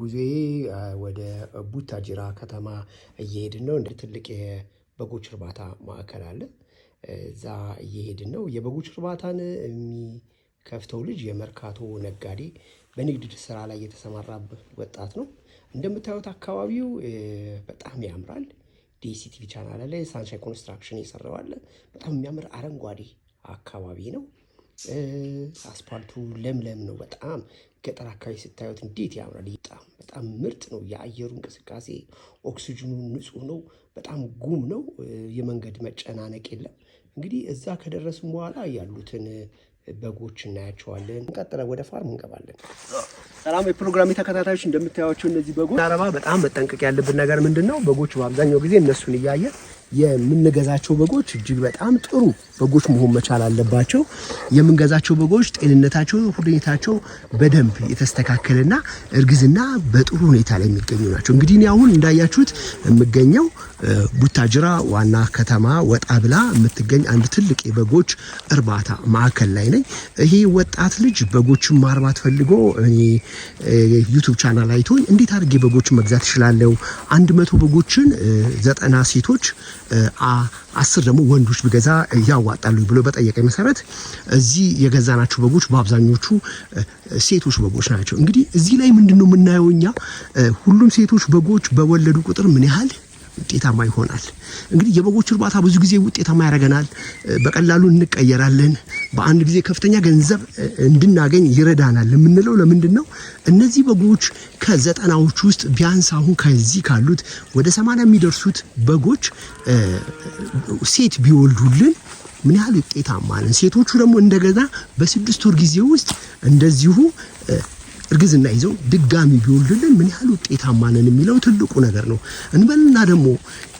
ጉዞዬ ወደ ቡታጅራ ከተማ እየሄድን ነው። እንደ ትልቅ የበጎች እርባታ ማዕከል አለ። እዛ እየሄድን ነው። የበጎች እርባታን የሚከፍተው ልጅ የመርካቶ ነጋዴ በንግድ ስራ ላይ የተሰማራ ወጣት ነው። እንደምታዩት አካባቢው በጣም ያምራል። ዲሲቲቪ ቻናል ላይ ሳንሻይን ኮንስትራክሽን የሰራው በጣም የሚያምር አረንጓዴ አካባቢ ነው። አስፓልቱ ለምለም ነው በጣም ገጠር አካባቢ ስታዩት እንዴት ያምራል! በጣም በጣም ምርጥ ነው። የአየሩ እንቅስቃሴ ኦክሲጅኑ ንጹህ ነው። በጣም ጉም ነው። የመንገድ መጨናነቅ የለም። እንግዲህ እዛ ከደረስን በኋላ ያሉትን በጎች እናያቸዋለን። እንቀጥለን ወደ ፋርም እንገባለን። ሰላም የፕሮግራሜ ተከታታዮች፣ እንደምታያቸው እነዚህ በጎች አረባ በጣም መጠንቀቅ ያለብን ነገር ምንድን ነው? በጎቹ በአብዛኛው ጊዜ እነሱን እያየ የምንገዛቸው በጎች እጅግ በጣም ጥሩ በጎች መሆን መቻል አለባቸው። የምንገዛቸው በጎች ጤንነታቸው፣ ሁኔታቸው በደንብ የተስተካከለና እርግዝና በጥሩ ሁኔታ ላይ የሚገኙ ናቸው። እንግዲህ እኔ አሁን እንዳያችሁት የምገኘው ቡታጅራ ዋና ከተማ ወጣ ብላ የምትገኝ አንድ ትልቅ የበጎች እርባታ ማዕከል ላይ ነኝ። ይሄ ወጣት ልጅ በጎችን ማርባት ፈልጎ እኔ ዩቱብ ቻናል አይቶኝ እንዴት አድርጌ በጎችን መግዛት እችላለሁ? አንድ መቶ በጎችን ዘጠና ሴቶች አስር ደግሞ ወንዶች ቢገዛ ያዋጣሉ ብሎ በጠየቀኝ መሰረት እዚህ የገዛናቸው በጎች በአብዛኞቹ ሴቶች በጎች ናቸው። እንግዲህ እዚህ ላይ ምንድነው የምናየው እኛ ሁሉም ሴቶች በጎች በወለዱ ቁጥር ምን ያህል ውጤታማ ይሆናል። እንግዲህ የበጎች እርባታ ብዙ ጊዜ ውጤታማ ያደርገናል። በቀላሉ እንቀየራለን። በአንድ ጊዜ ከፍተኛ ገንዘብ እንድናገኝ ይረዳናል የምንለው ለምንድን ነው? እነዚህ በጎች ከዘጠናዎች ውስጥ ቢያንስ አሁን ከዚህ ካሉት ወደ ሰማንያ የሚደርሱት በጎች ሴት ቢወልዱልን ምን ያህል ውጤታማ ነን። ሴቶቹ ደግሞ እንደገና በስድስት ወር ጊዜ ውስጥ እንደዚሁ እርግዝና ይዘው ድጋሚ ቢወልድልን ምን ያህል ውጤታማ ነን የሚለው ትልቁ ነገር ነው እንበልና ደግሞ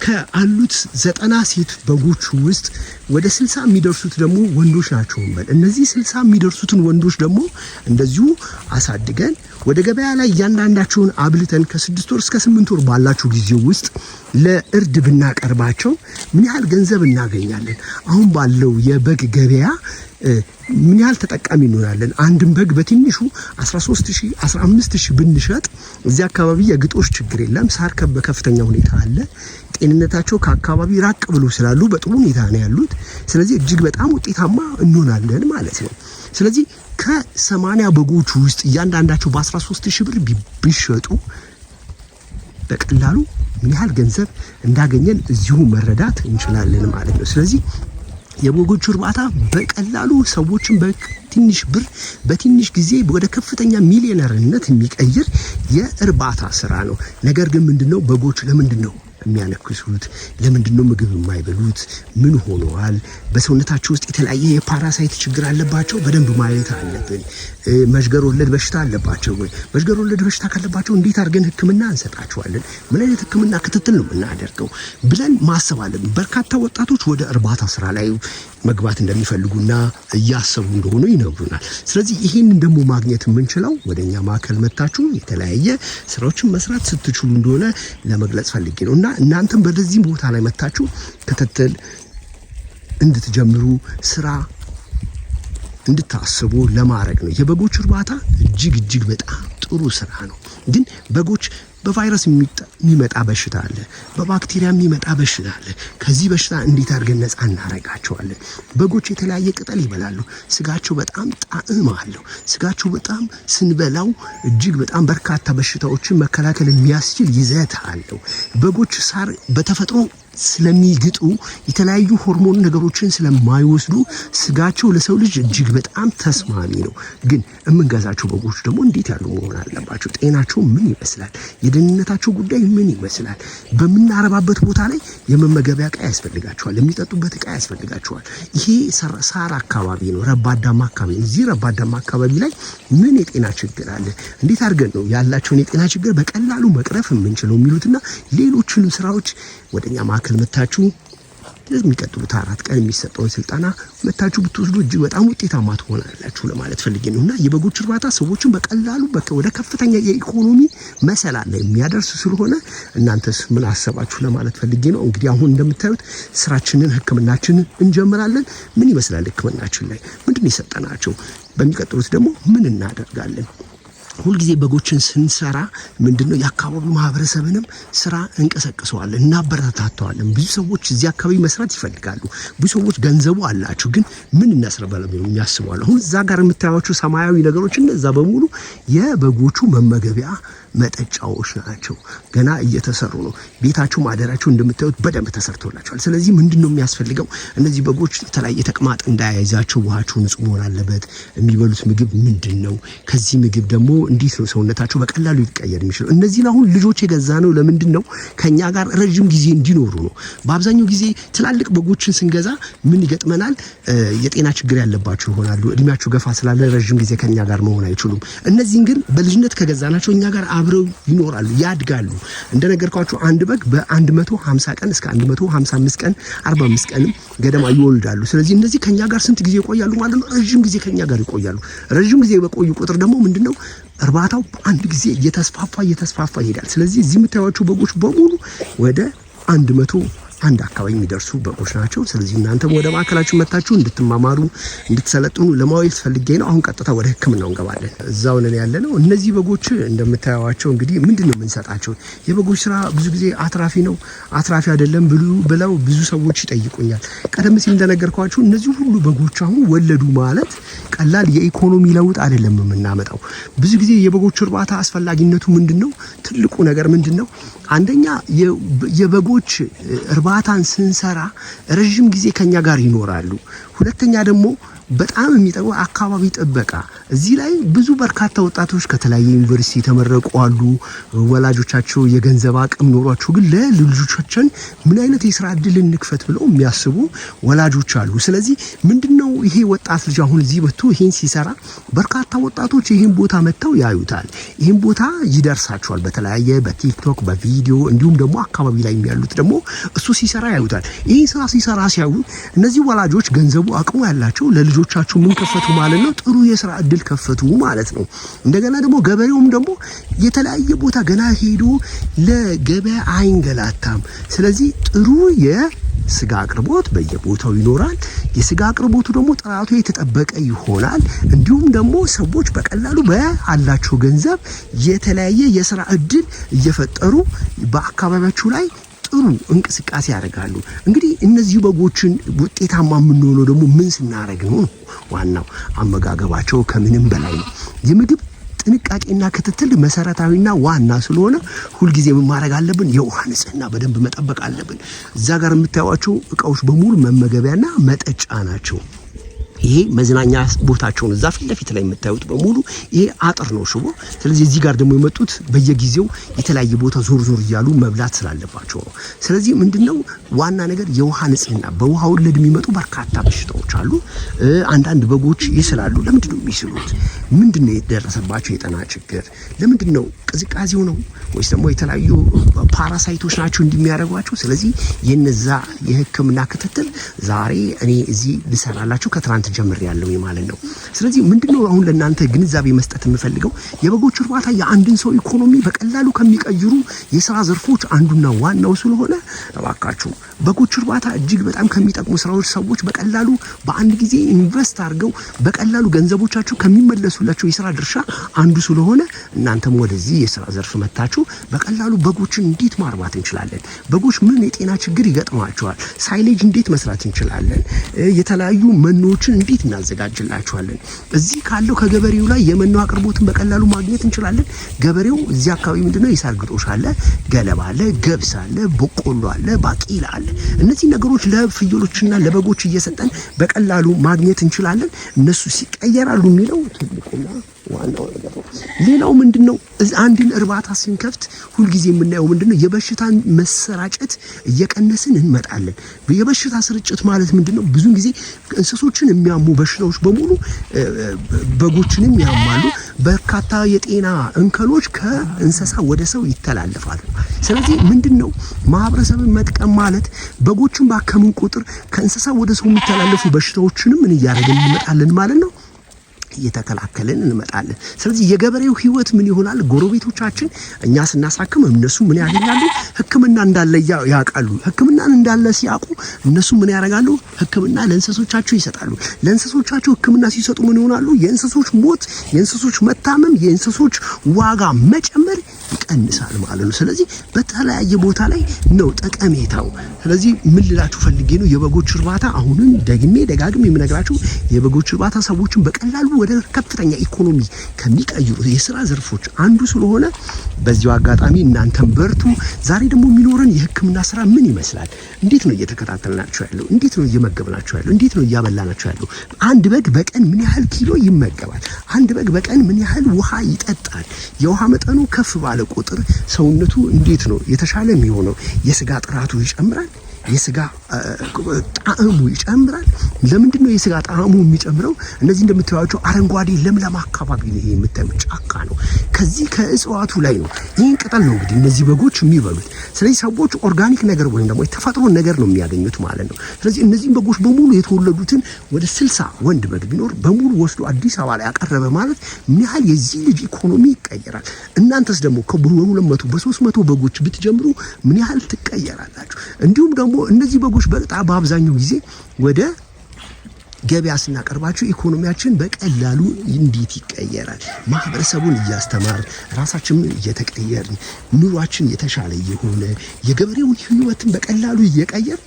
ከአሉት ዘጠና ሴት በጎች ውስጥ ወደ ስልሳ የሚደርሱት ደግሞ ወንዶች ናቸው እንበል። እነዚህ ስልሳ የሚደርሱትን ወንዶች ደግሞ እንደዚሁ አሳድገን ወደ ገበያ ላይ እያንዳንዳቸውን አብልተን ከስድስት ወር እስከ ስምንት ወር ባላችሁ ጊዜ ውስጥ ለእርድ ብናቀርባቸው ምን ያህል ገንዘብ እናገኛለን? አሁን ባለው የበግ ገበያ ምን ያህል ተጠቃሚ እንሆናለን? አንድን በግ በትንሹ 13000፣ 15000 ብንሸጥ እዚህ አካባቢ የግጦሽ ችግር የለም፣ ሳር በከፍተኛ ሁኔታ አለ። ጤንነታቸው ከአካባቢ ራቅ ብሎ ስላሉ በጥሩ ሁኔታ ነው ያሉት። ስለዚህ እጅግ በጣም ውጤታማ እንሆናለን ማለት ነው። ስለዚህ ከሰማንያ በጎች ውስጥ እያንዳንዳቸው በ13 ሺህ ብር ቢሸጡ በቀላሉ ምን ያህል ገንዘብ እንዳገኘን እዚሁ መረዳት እንችላለን ማለት ነው። ስለዚህ የበጎቹ እርባታ በቀላሉ ሰዎችን በትንሽ ብር በትንሽ ጊዜ ወደ ከፍተኛ ሚሊዮነርነት የሚቀይር የእርባታ ስራ ነው። ነገር ግን ምንድነው በጎች ለምንድን ነው የሚያለክሱት? ለምንድን ነው ምግብ የማይበሉት? ምን ሆነዋል? በሰውነታቸው ውስጥ የተለያየ የፓራሳይት ችግር አለባቸው? በደንብ ማየት አለብን። መዥገር ወለድ በሽታ አለባቸው ወይ? መዥገር ወለድ በሽታ ካለባቸው እንዴት አድርገን ሕክምና እንሰጣቸዋለን? ምን አይነት ሕክምና ክትትል ነው የምናደርገው ብለን ማሰብ አለብን። በርካታ ወጣቶች ወደ እርባታ ስራ ላይ መግባት እንደሚፈልጉና እያሰቡ እንደሆኑ ይነግሩናል። ስለዚህ ይህንን ደግሞ ማግኘት የምንችለው ወደኛ ማዕከል መታችሁ የተለያየ ስራዎችን መስራት ስትችሉ እንደሆነ ለመግለጽ ፈልጌ ነው እና እናንተም በደዚህ ቦታ ላይ መታችሁ ክትትል እንድትጀምሩ ስራ እንድታስቡ ለማድረግ ነው። የበጎች እርባታ እጅግ እጅግ በጣም ጥሩ ስራ ነው። ግን በጎች በቫይረስ የሚመጣ በሽታ አለ፣ በባክቴሪያ የሚመጣ በሽታ አለ። ከዚህ በሽታ እንዴት አድርገን ነፃ እናረጋቸዋለን? በጎች የተለያየ ቅጠል ይበላሉ። ስጋቸው በጣም ጣዕም አለው። ስጋቸው በጣም ስንበላው እጅግ በጣም በርካታ በሽታዎችን መከላከል የሚያስችል ይዘት አለው። በጎች ሳር በተፈጥሮ ስለሚግጡ የተለያዩ ሆርሞን ነገሮችን ስለማይወስዱ ስጋቸው ለሰው ልጅ እጅግ በጣም ተስማሚ ነው። ግን የምንገዛቸው በጎች ደግሞ እንዴት ያሉ መሆን አለባቸው? ጤናቸው ምን ይመስላል? የደህንነታቸው ጉዳይ ምን ይመስላል? በምናረባበት ቦታ ላይ የመመገቢያ እቃ ያስፈልጋቸዋል፣ የሚጠጡበት እቃ ያስፈልጋቸዋል። ይሄ ሳር አካባቢ ነው፣ ረባዳማ አካባቢ እዚህ ረባዳማ አካባቢ ላይ ምን የጤና ችግር አለ? እንዴት አድርገን ነው ያላቸውን የጤና ችግር በቀላሉ መቅረፍ የምንችለው? የሚሉትና ሌሎች ሌሎቹንም ስራዎች ወደ እኛ ማዕከል መታችሁ የሚቀጥሉት አራት ቀን የሚሰጠውን ስልጠና መታችሁ ብትወስዱ እጅግ በጣም ውጤታማ ትሆናላችሁ ለማለት ፈልጌ ነው እና የበጎች እርባታ ሰዎችን በቀላሉ ወደ ከፍተኛ የኢኮኖሚ መሰላል የሚያደርስ ስለሆነ እናንተስ ምን አሰባችሁ ለማለት ፈልጌ ነው። እንግዲህ አሁን እንደምታዩት ስራችንን ህክምናችንን እንጀምራለን። ምን ይመስላል ህክምናችን ላይ ምንድን የሰጠናቸው፣ በሚቀጥሉት ደግሞ ምን እናደርጋለን ሁልጊዜ በጎችን ስንሰራ ምንድነው የአካባቢው ማህበረሰብንም ስራ እንቀሰቅሰዋለን፣ እናበረታተዋለን። ብዙ ሰዎች እዚህ አካባቢ መስራት ይፈልጋሉ። ብዙ ሰዎች ገንዘቡ አላቸው፣ ግን ምን እናስረበለ ብለው የሚያስባሉ። አሁን እዛ ጋር የምታያቸው ሰማያዊ ነገሮች እነዛ በሙሉ የበጎቹ መመገቢያ መጠጫዎች ናቸው። ገና እየተሰሩ ነው። ቤታቸው ማደራችሁ እንደምታዩት በደንብ ተሰርቶላቸዋል። ስለዚህ ምንድን ነው የሚያስፈልገው? እነዚህ በጎች የተለያየ ተቅማጥ እንዳያይዛቸው ውሃቸው ንጹህ መሆን አለበት። የሚበሉት ምግብ ምንድን ነው? ከዚህ ምግብ ደግሞ እንዴት ነው ሰውነታቸው በቀላሉ ሊቀየር የሚችለው? እነዚህን አሁን ልጆች የገዛ ነው። ለምንድን ነው ከእኛ ጋር ረዥም ጊዜ እንዲኖሩ ነው። በአብዛኛው ጊዜ ትላልቅ በጎችን ስንገዛ ምን ይገጥመናል? የጤና ችግር ያለባቸው ይሆናሉ። እድሜያቸው ገፋ ስላለ ረዥም ጊዜ ከእኛ ጋር መሆን አይችሉም። እነዚህን ግን በልጅነት ከገዛናቸው እኛ ጋር አብረው ይኖራሉ፣ ያድጋሉ። እንደነገርኳችሁ አንድ በግ በ150 ቀን እስከ 155 ቀን 45 ቀንም ገደማ ይወልዳሉ። ስለዚህ እነዚህ ከኛ ጋር ስንት ጊዜ ይቆያሉ ማለት ነው? ረዥም ጊዜ ከኛ ጋር ይቆያሉ። ረዥም ጊዜ በቆዩ ቁጥር ደግሞ ምንድነው እርባታው አንድ ጊዜ እየተስፋፋ እየተስፋፋ ይሄዳል። ስለዚህ እዚህ የምታዩቸው በጎች በሙሉ ወደ 100 አንድ አካባቢ የሚደርሱ በጎች ናቸው። ስለዚህ እናንተ ወደ ማዕከላችሁ መታችሁ እንድትማማሩ እንድትሰለጥኑ ለማዋል ፈልጌ ነው። አሁን ቀጥታ ወደ ሕክምናው እንገባለን። እዛው ነን ያለ ነው። እነዚህ በጎች እንደምታዩቸው እንግዲህ ምንድን ነው የምንሰጣቸው? የበጎች ስራ ብዙ ጊዜ አትራፊ ነው አትራፊ አይደለም ብሉ ብለው ብዙ ሰዎች ይጠይቁኛል። ቀደም ሲል እንደነገርኳችሁ እነዚህ ሁሉ በጎች አሁን ወለዱ ማለት ቀላል የኢኮኖሚ ለውጥ አይደለም የምናመጣው። ብዙ ጊዜ የበጎች እርባታ አስፈላጊነቱ ምንድን ነው? ትልቁ ነገር ምንድን ነው? አንደኛ የበጎች እርባ ግንባታን ስንሰራ ረዥም ጊዜ ከኛ ጋር ይኖራሉ። ሁለተኛ ደግሞ በጣም የሚጠቅመው አካባቢ ጥበቃ። እዚህ ላይ ብዙ በርካታ ወጣቶች ከተለያየ ዩኒቨርሲቲ የተመረቁ አሉ። ወላጆቻቸው የገንዘብ አቅም ኖሯቸው ግን ለልጆቻችን ምን አይነት የስራ እድል እንክፈት ብለው የሚያስቡ ወላጆች አሉ። ስለዚህ ምንድን ነው ይሄ ወጣት ልጅ አሁን እዚህ በቶ ይህን ሲሰራ በርካታ ወጣቶች ይህን ቦታ መጥተው ያዩታል። ይህን ቦታ ይደርሳቸዋል። በተለያየ በቲክቶክ በቪዲዮ እንዲሁም ደግሞ አካባቢ ላይ የሚያሉት ደግሞ እሱ ሲሰራ ያዩታል። ይህን ስራ ሲሰራ ሲያዩ እነዚህ ወላጆች ገንዘቡ አቅሙ ያላቸው ለልጆ ልጆቻችሁ ምን ከፈቱ ማለት ነው? ጥሩ የስራ እድል ከፈቱ ማለት ነው። እንደገና ደግሞ ገበሬውም ደግሞ የተለያየ ቦታ ገና ሄዶ ለገበያ አይንገላታም። ስለዚህ ጥሩ የስጋ አቅርቦት በየቦታው ይኖራል። የስጋ አቅርቦቱ ደግሞ ጥራቱ የተጠበቀ ይሆናል። እንዲሁም ደግሞ ሰዎች በቀላሉ በአላቸው ገንዘብ የተለያየ የስራ እድል እየፈጠሩ በአካባቢያችሁ ላይ ጥሩ እንቅስቃሴ ያደርጋሉ። እንግዲህ እነዚህ በጎችን ውጤታማ የምንሆነው ደግሞ ምን ስናደርግ ነው? ዋናው አመጋገባቸው ከምንም በላይ ነው። የምግብ ጥንቃቄና ክትትል መሰረታዊና ዋና ስለሆነ ሁልጊዜ ማድረግ አለብን? የውሃ ንጽህና በደንብ መጠበቅ አለብን። እዛ ጋር የምታዩቸው እቃዎች በሙሉ መመገቢያና መጠጫ ናቸው። ይሄ መዝናኛ ቦታቸውን እዛ ፊት ለፊት ላይ የምታዩት በሙሉ ይሄ አጥር ነው ሽቦ። ስለዚህ እዚህ ጋር ደግሞ የመጡት በየጊዜው የተለያየ ቦታ ዞር ዞር እያሉ መብላት ስላለባቸው ነው። ስለዚህ ምንድነው ዋና ነገር የውሃ ንጽህና። በውሃ ወለድ የሚመጡ በርካታ በሽታዎች አሉ። አንዳንድ በጎች ይስላሉ። ለምንድን የሚስሉት? ምንድን የደረሰባቸው የጤና ችግር? ለምንድነው ነው ቅዝቃዜው ነው ወይስ ደግሞ የተለያዩ ፓራሳይቶች ናቸው እንደሚያደርጓቸው? ስለዚህ የነዛ የህክምና ክትትል ዛሬ እኔ እዚህ ልሰራላቸው ከትናንት ያለው ማለት ነው። ስለዚህ ምንድነው አሁን ለእናንተ ግንዛቤ መስጠት የምፈልገው የበጎች እርባታ የአንድን ሰው ኢኮኖሚ በቀላሉ ከሚቀይሩ የስራ ዘርፎች አንዱና ዋናው ስለሆነ እባካችሁ በጎች እርባታ እጅግ በጣም ከሚጠቅሙ ስራዎች ሰዎች በቀላሉ በአንድ ጊዜ ኢንቨስት አድርገው በቀላሉ ገንዘቦቻቸው ከሚመለሱላቸው የስራ ድርሻ አንዱ ስለሆነ እናንተም ወደዚህ የስራ ዘርፍ መታችሁ በቀላሉ በጎችን እንዴት ማርባት እንችላለን፣ በጎች ምን የጤና ችግር ይገጥማቸዋል፣ ሳይሌጅ እንዴት መስራት እንችላለን፣ የተለያዩ መኖችን እንዴት እናዘጋጅላችኋለን? እዚህ ካለው ከገበሬው ላይ የመኖ አቅርቦትን በቀላሉ ማግኘት እንችላለን። ገበሬው እዚህ አካባቢ ምንድነው የሳር ግጦሽ አለ፣ ገለባ አለ፣ ገብስ አለ፣ በቆሎ አለ፣ ባቂላ አለ። እነዚህ ነገሮች ለፍየሎችና ለበጎች እየሰጠን በቀላሉ ማግኘት እንችላለን። እነሱ ሲቀየራሉ የሚለው ትልቁና ዋናው ነገር ነው። ሌላው ምንድን ነው? አንድን እርባታ ስንከፍት ሁልጊዜ የምናየው ምንድን ነው? የበሽታን መሰራጨት እየቀነስን እንመጣለን። የበሽታ ስርጭት ማለት ምንድን ነው? ብዙን ጊዜ እንስሶችን የሚያሙ በሽታዎች በሙሉ በጎችንም ያማሉ። በርካታ የጤና እንከሎች ከእንስሳ ወደ ሰው ይተላለፋሉ። ስለዚህ ምንድን ነው ማህበረሰብን መጥቀም ማለት በጎችን ባከምን ቁጥር ከእንስሳ ወደ ሰው የሚተላለፉ በሽታዎችንም ምን እያደረግን እንመጣለን ማለት ነው እየተከላከልን እንመጣለን። ስለዚህ የገበሬው ህይወት ምን ይሆናል? ጎረቤቶቻችን እኛ ስናሳክም እነሱ ምን ያገኛሉ? ህክምና እንዳለ ያውቃሉ። ህክምና እንዳለ ሲያውቁ እነሱ ምን ያደርጋሉ? ህክምና ለእንስሶቻቸው ይሰጣሉ። ለእንስሶቻቸው ህክምና ሲሰጡ ምን ይሆናሉ? የእንስሶች ሞት፣ የእንስሶች መታመም፣ የእንስሶች ዋጋ መጨመር ይቀንሳል ማለት ነው። ስለዚህ በተለያየ ቦታ ላይ ነው ጠቀሜታው። ስለዚህ ምን ልላችሁ ፈልጌ ነው የበጎች እርባታ አሁንም ደግሜ ደጋግሜ የምነግራችሁ የበጎች እርባታ ሰዎችን በቀላሉ ወደ ሀገር ከፍተኛ ኢኮኖሚ ከሚቀይሩ የስራ ዘርፎች አንዱ ስለሆነ በዚሁ አጋጣሚ እናንተም በርቱ። ዛሬ ደግሞ የሚኖረን የህክምና ስራ ምን ይመስላል? እንዴት ነው እየተከታተልናቸው ያለው? እንዴት ነው እየመገብናቸው ያለው? እንዴት ነው እያበላናቸው ያለው? አንድ በግ በቀን ምን ያህል ኪሎ ይመገባል? አንድ በግ በቀን ምን ያህል ውሃ ይጠጣል? የውሃ መጠኑ ከፍ ባለ ቁጥር ሰውነቱ እንዴት ነው የተሻለ የሚሆነው? የስጋ ጥራቱ ይጨምራል። የስጋ ጣዕሙ ይጨምራል። ለምንድን ነው የስጋ ጣዕሙ የሚጨምረው? እነዚህ እንደምታዩቸው አረንጓዴ ለምለም አካባቢ ነው። ይሄ የምታዩ ጫካ ነው። ከዚህ ከእጽዋቱ ላይ ነው ይህን ቅጠል ነው እንግዲህ እነዚህ በጎች የሚበሉት። ስለዚህ ሰዎች ኦርጋኒክ ነገር ወይም ደግሞ የተፈጥሮ ነገር ነው የሚያገኙት ማለት ነው። ስለዚህ እነዚህም በጎች በሙሉ የተወለዱትን ወደ ስልሳ ወንድ በግ ቢኖር በሙሉ ወስዶ አዲስ አበባ ላይ ያቀረበ ማለት ምን ያህል የዚህ ልጅ ኢኮኖሚ ይቀየራል። እናንተስ ደግሞ በሁለት መቶ በሶስት መቶ በጎች ብትጀምሩ ምን ያህል ትቀየራላችሁ? እንዲሁም ደግሞ ደግሞ እነዚህ በጎች በጣም በአብዛኛው ጊዜ ወደ ገበያ ስናቀርባቸው ኢኮኖሚያችን በቀላሉ እንዴት ይቀየራል? ማህበረሰቡን እያስተማር ራሳችን እየተቀየርን ኑሯችን የተሻለ የሆነ የገበሬውን ህይወትን በቀላሉ እየቀየር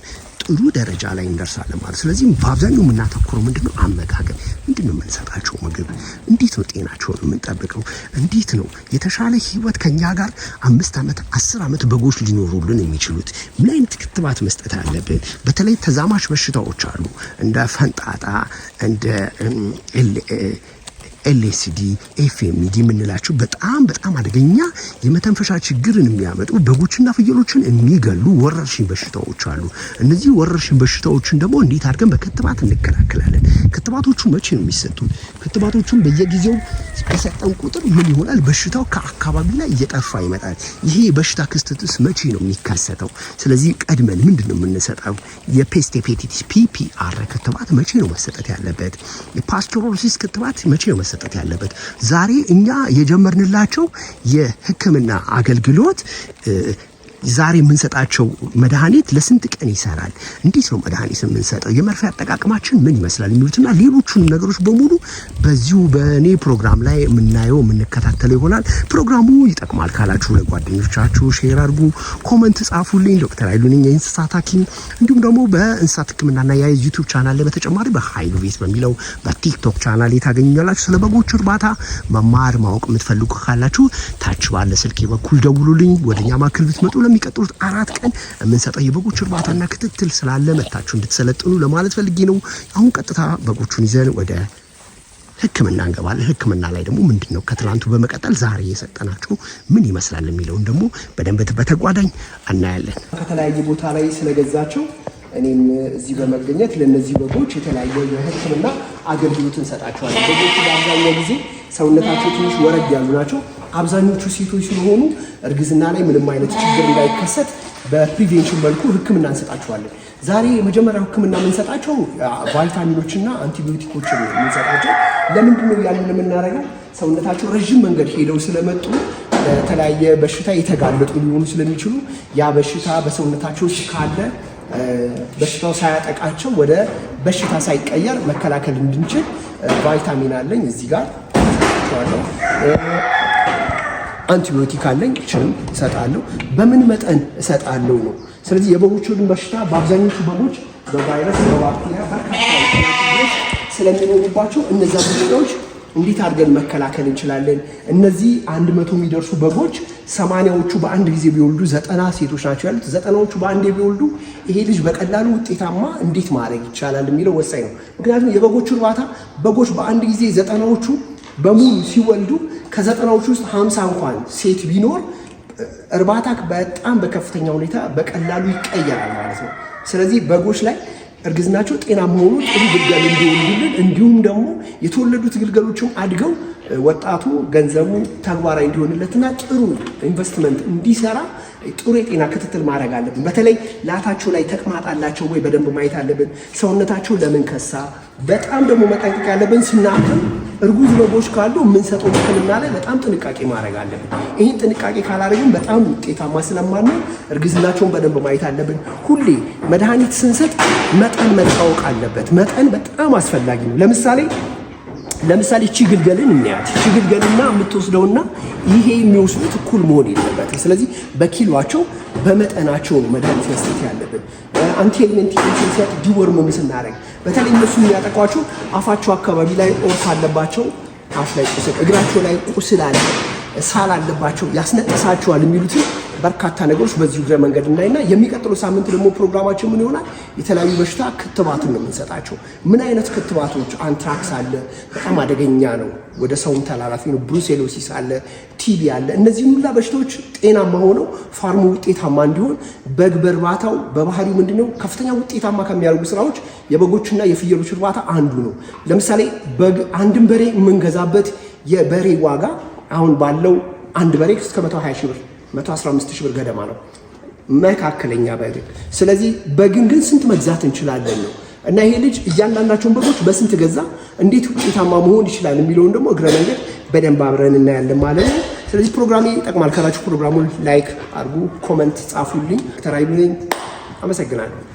ጥሩ ደረጃ ላይ እንደርሳለን ማለት። ስለዚህ በአብዛኛው የምናተኩረው ምንድነው አመጋገብ፣ ምንድን ነው የምንሰጣቸው ምግብ፣ እንዴት ነው ጤናቸውን የምንጠብቀው፣ እንዴት ነው የተሻለ ህይወት ከኛ ጋር አምስት ዓመት አስር ዓመት በጎች ሊኖሩልን የሚችሉት፣ ምን አይነት ክትባት መስጠት አለብን። በተለይ ተዛማች በሽታዎች አሉ እንደ ፈንጣጣ እንደ ኤልኤስዲ ኤፍኤምዲ የምንላቸው በጣም በጣም አደገኛ የመተንፈሻ ችግርን የሚያመጡ በጎችና ፍየሎችን የሚገሉ ወረርሽኝ በሽታዎች አሉ። እነዚህ ወረርሽኝ በሽታዎችን ደግሞ እንዴት አድርገን በክትባት እንከላከላለን? ክትባቶቹ መቼ ነው የሚሰጡት? ክትባቶቹን በየጊዜው በሰጠን ቁጥር ምን ይሆናል? በሽታው ከአካባቢ ላይ እየጠፋ ይመጣል። ይሄ የበሽታ ክስተትስ መቼ ነው የሚከሰተው? ስለዚህ ቀድመን ምንድን ነው የምንሰጠው? የፔስት ሄፓቲቲስ ፒፒአር ክትባት መቼ ነው መሰጠት ያለበት? የፓስቶሮሲስ ክትባት መቼ ነው መሰጠት ያለበት። ዛሬ እኛ የጀመርንላቸው የህክምና አገልግሎት ዛሬ የምንሰጣቸው መድኃኒት ለስንት ቀን ይሰራል፣ እንዴት ነው መድኃኒት የምንሰጠው፣ የመርፌ አጠቃቀማችን ምን ይመስላል የሚሉትና ሌሎቹን ነገሮች በሙሉ በዚሁ በእኔ ፕሮግራም ላይ የምናየው የምንከታተለው ይሆናል። ፕሮግራሙ ይጠቅማል ካላችሁ ለጓደኞቻችሁ ሼር አድርጉ፣ ኮመንት ጻፉልኝ። ዶክተር ኃይሉ ነኝ የእንስሳት ሐኪም እንዲሁም ደግሞ በእንስሳት ሕክምናና የያይዝ ዩቱብ ቻናል ላይ በተጨማሪ በኃይሉ ቤት በሚለው በቲክቶክ ቻናል የታገኙላችሁ። ስለ በጎች እርባታ መማር ማወቅ የምትፈልጉ ካላችሁ ታች ባለ ስልኬ በኩል ደውሉልኝ። ወደኛ ማዕከል ብትመጡ ለሚቀጥሉት አራት ቀን የምንሰጠው የበጎች እርባታና ክትትል ስላለ መታችሁ እንድትሰለጥኑ ለማለት ፈልጌ ነው። አሁን ቀጥታ በጎቹን ይዘን ወደ ሕክምና እንገባለን። ሕክምና ላይ ደግሞ ምንድን ነው ከትላንቱ በመቀጠል ዛሬ የሰጠናቸው ምን ይመስላል የሚለውን ደግሞ በደንብ በተጓዳኝ እናያለን። ከተለያየ ቦታ ላይ ስለገዛቸው እኔም እዚህ በመገኘት ለእነዚህ በጎች የተለያየ የሕክምና አገልግሎት እንሰጣቸዋለን። በጎቹ በአብዛኛው ጊዜ ሰውነታቸው ትንሽ ወረድ ያሉ ናቸው። አብዛኞቹ ሴቶች ስለሆኑ እርግዝና ላይ ምንም አይነት ችግር እንዳይከሰት በፕሪቬንሽን መልኩ ህክምና እንሰጣቸዋለን። ዛሬ የመጀመሪያው ህክምና የምንሰጣቸው ቫይታሚኖችና አንቲቢዮቲኮችን የምንሰጣቸው። ለምንድን ነው ያንን የምናደርገው? ሰውነታቸው ረዥም መንገድ ሄደው ስለመጡ ለተለያየ በሽታ የተጋለጡ ሊሆኑ ስለሚችሉ ያ በሽታ በሰውነታቸው ውስጥ ካለ በሽታው ሳያጠቃቸው ወደ በሽታ ሳይቀየር መከላከል እንድንችል ቫይታሚን አለኝ እዚህ ጋር ቸዋለሁ አንቲቢዮቲክ አለኝ ችም እሰጣለሁ። በምን መጠን እሰጣለሁ ነው። ስለዚህ የበጎቹን በሽታ በአብዛኞቹ በጎች በቫይረስ በባክቴሪያ ስለሚኖሩባቸው እነዚ በሽታዎች እንዴት አድርገን መከላከል እንችላለን? እነዚህ አንድ መቶ የሚደርሱ በጎች ሰማንያዎቹ በአንድ ጊዜ ቢወልዱ ዘጠና ሴቶች ናቸው ያሉት። ዘጠናዎቹ በአንድ ቢወልዱ ይሄ ልጅ በቀላሉ ውጤታማ እንዴት ማድረግ ይቻላል የሚለው ወሳኝ ነው። ምክንያቱም የበጎቹ እርባታ በጎች በአንድ ጊዜ ዘጠናዎቹ በሙሉ ሲወልዱ ከዘጠናዎቹ ውስጥ ሀምሳ እንኳን ሴት ቢኖር እርባታ በጣም በከፍተኛ ሁኔታ በቀላሉ ይቀየራል ማለት ነው። ስለዚህ በጎች ላይ እርግዝናቸው ጤና መሆኑ ጥሩ ግልገል እንዲወልዱልን እንዲሁም ደግሞ የተወለዱት ግልገሎችም አድገው ወጣቱ ገንዘቡ ተግባራዊ እንዲሆንለትና ጥሩ ኢንቨስትመንት እንዲሰራ ጥሩ የጤና ክትትል ማድረግ አለብን። በተለይ ላታችሁ ላይ ተቅማጥ አላቸው ወይ በደንብ ማየት አለብን። ሰውነታቸው ለምን ከሳ። በጣም ደግሞ መጠንቀቅ ያለብን ስናክም እርጉዝ በጎች ካሉ የምንሰጠው ሕክምና ላይ በጣም ጥንቃቄ ማድረግ አለብን። ይህን ጥንቃቄ ካላደረግን በጣም ውጤታማ ስለማንሆን እርግዝናቸውን በደንብ ማየት አለብን። ሁሌ መድኃኒት ስንሰጥ መጠን መታወቅ አለበት። መጠን በጣም አስፈላጊ ነው። ለምሳሌ ለምሳሌ እቺ ግልገልን እናያት። እቺ ግልገልና የምትወስደውና ይሄ የሚወስዱት እኩል መሆን የለበትም። ስለዚህ በኪሏቸው በመጠናቸው መድኃኒት መስጠት ያለብን። አንቲኤግመንት ኢንሴንሲያት ዲወርምም ስናደርግ በተለይ እነሱ የሚያጠቋቸው አፋቸው አካባቢ ላይ ኦርፍ አለባቸው፣ አፍ ላይ ቁስል፣ እግራቸው ላይ ቁስል አለ፣ ሳል አለባቸው፣ ያስነጥሳቸዋል የሚሉትን በርካታ ነገሮች በዚህ እግረ መንገድ እንዳይና የሚቀጥለው ሳምንት ደግሞ ፕሮግራማችን ምን ይሆናል? የተለያዩ በሽታ ክትባትን ነው የምንሰጣቸው። ምን አይነት ክትባቶች? አንትራክስ አለ፣ በጣም አደገኛ ነው፣ ወደ ሰውም ተላላፊ ነው። ብሩሴሎሲስ አለ፣ ቲቢ አለ። እነዚህ ሁላ በሽታዎች ጤናማ ሆነው ፋርሙ ውጤታማ እንዲሆን በግ በእርባታው በባህሪው ምንድነው ከፍተኛ ውጤታማ ከሚያደርጉ ስራዎች የበጎችና የፍየሎች እርባታ አንዱ ነው። ለምሳሌ በግ አንድን በሬ የምንገዛበት የበሬ ዋጋ አሁን ባለው አንድ በሬ እስከ 120 ሺህ ብር 115 ሺህ ብር ገደማ ነው መካከለኛ በግ። ስለዚህ በግን ግን ስንት መግዛት እንችላለን ነው እና ይሄ ልጅ እያንዳንዳቸውን በጎች በስንት ገዛ፣ እንዴት ውጤታማ መሆን ይችላል የሚለውን ደግሞ እግረ መንገድ በደንብ አብረን እናያለን ማለት ነው። ስለዚህ ፕሮግራሜ ይጠቅማል ካላችሁ ፕሮግራሙን ላይክ አድርጉ፣ ኮመንት ጻፉልኝ። ተራይሉኝ። አመሰግናለሁ።